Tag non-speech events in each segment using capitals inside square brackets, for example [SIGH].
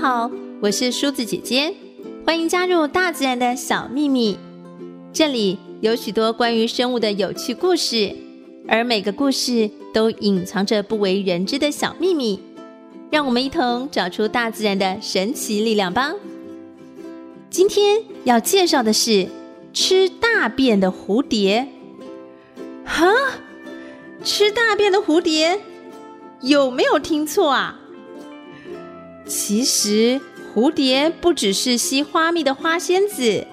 好，我是梳子姐姐，歡迎加入大自然的小秘密。這裡有許多關於生物的有趣故事，而每個故事都隱藏着不為人知的小秘密。讓我們一同找出大自然的神奇力量吧。今天要介紹的是吃大便的蝴蝶。哈，吃大便的蝴蝶，有沒有聽錯啊？其實，蝴蝶不只是吸花蜜的花仙子，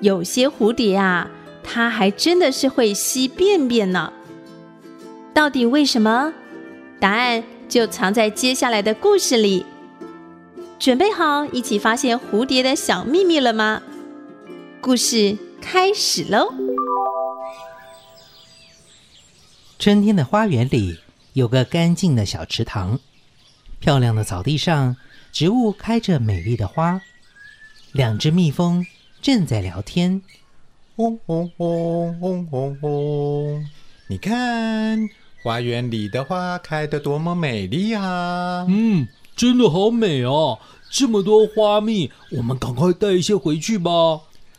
有些蝴蝶啊，它還真的是會吸便便呢。到底為什麼？答案就藏在接下來的故事裡。準備好一起發現蝴蝶的小秘密了嗎？故事開始嘍！春天的花園裡有個乾淨的小池塘。漂亮的草地上，植物開着美麗的花。兩隻蜜蜂正在聊天。嗡嗡嗡嗡嗡嗡，你看，花園裡的花開得多麼美麗啊！嗯，真的好美哦、啊。這麼多花蜜，我們趕快帶一些回去吧。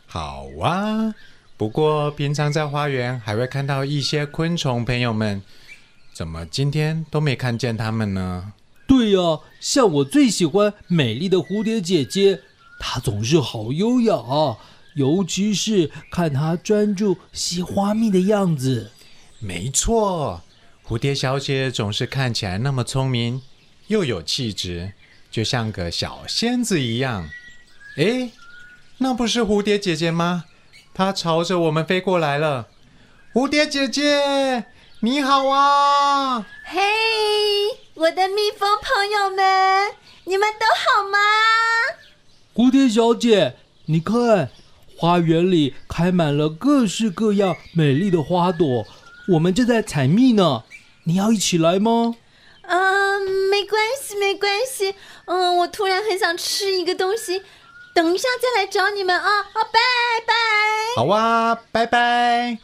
好啊，不過平常在花園還會看到一些昆蟲朋友們，怎麼今天都沒看見他們呢？對呀、啊，像我最喜歡美麗的蝴蝶姐姐，她總是好優雅，尤其是看她專注吸花蜜的樣子。沒錯，蝴蝶小姐總是看起來那麼聰明又有氣質，就像個小仙子一樣。哎，那不是蝴蝶姐姐嗎？她朝着我們飛過來了。蝴蝶姐姐，你好啊！嘿。Hey. 我的蜜蜂朋友們，你們都好嗎？蝴蝶小姐，你看，花園裡開滿了各式各樣美麗的花朵，我們正在採蜜呢。你要一起來嗎？嗯，沒關係，沒關係。嗯，我突然很想吃一個東西，等一下再來找你們啊、哦！啊、哦，拜拜。好啊，拜拜。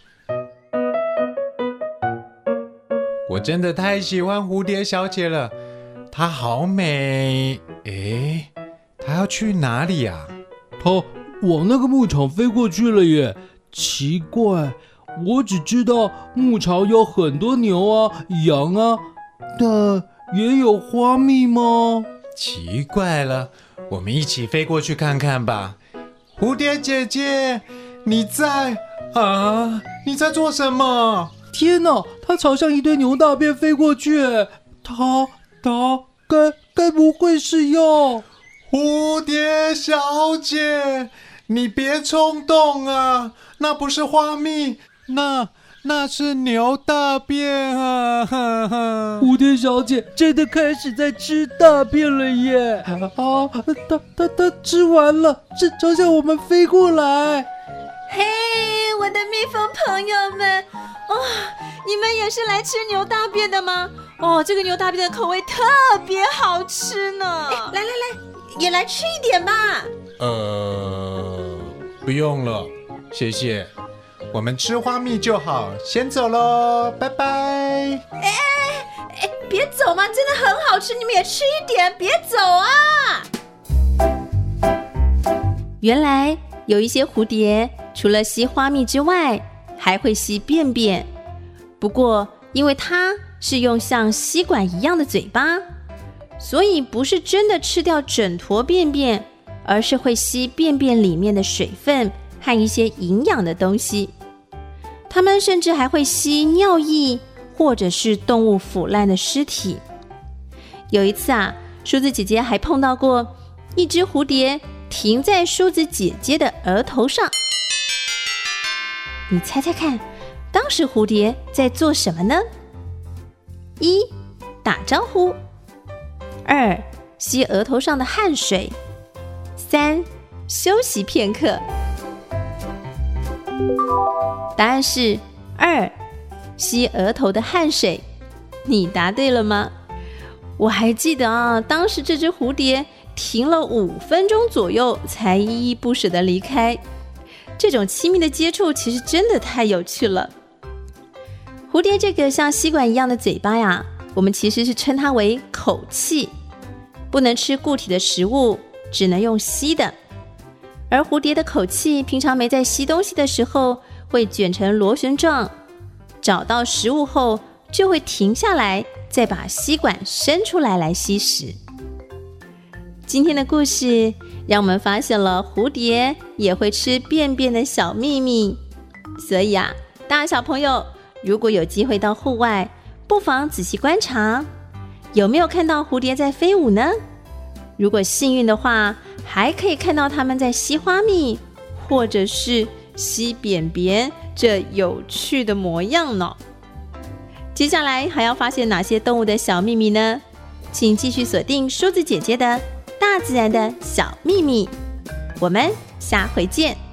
我真的太喜歡蝴蝶小姐了，她好美。誒，她要去哪裡啊？哦，往那個牧場飛過去了耶！奇怪，我只知道牧場有很多牛啊、羊啊，但也有花蜜嗎？奇怪了，我們一起飛過去看看吧。蝴蝶姐姐，你在啊？你在做什麼？天哪！它朝向一堆牛大便飛過去，它它該該不會是要……蝴蝶小姐，你別衝動啊！那不是花蜜，那那是牛大便啊！ [LAUGHS] 蝴蝶小姐真的開始在吃大便了耶！啊，啊，它它它吃完了，正朝向我們飛過來。嘿，hey, 我的蜜蜂朋友們，啊，哦，你們也是來吃牛大便的嗎？哦，這個牛大便的口味特別好吃呢。來來來，也來吃一點吧。呃，不用了，謝謝。我們吃花蜜就好，先走嘍，拜拜。哎哎哎，別走嘛，真的很好吃，你們也吃一點，別走啊。原來。有一些蝴蝶除了吸花蜜之外，還會吸便便。不過，因為它是用像吸管一樣的嘴巴，所以不是真的吃掉整坨便便，而是會吸便便裡面的水分和一些營養的東西。它們甚至還會吸尿液，或者是動物腐爛的屍體。有一次啊，種子姐姐還碰到過一只蝴蝶。停在梳子姐姐的額頭上，你猜猜看，當時蝴蝶在做什麼呢？一打招呼，二吸額頭上的汗水，三休息片刻。答案是二，吸額頭的汗水。你答對了嗎？我還記得啊，當時這只蝴蝶。停了五分鐘左右，才依依不捨地離開。這種親密的接觸其實真的太有趣了。蝴蝶這個像吸管一樣的嘴巴呀，我們其實是稱它為“口器”，不能吃固體的食物，只能用吸的。而蝴蝶的口器，平常沒在吸東西的時候會捲成螺旋狀，找到食物後就會停下來，再把吸管伸出來來吸食。今天的故事讓我們發現了蝴蝶也會吃便便的小祕密，所以啊，大小朋友如果有機會到戶外，不妨仔細觀察，有沒有看到蝴蝶在飛舞呢？如果幸運的話，還可以看到它們在吸花蜜，或者是吸便便，這有趣的模樣呢。接下來還要發現哪些動物的小祕密呢？請繼續鎖定梳子姐姐的。大自然的小秘密，我們下回見。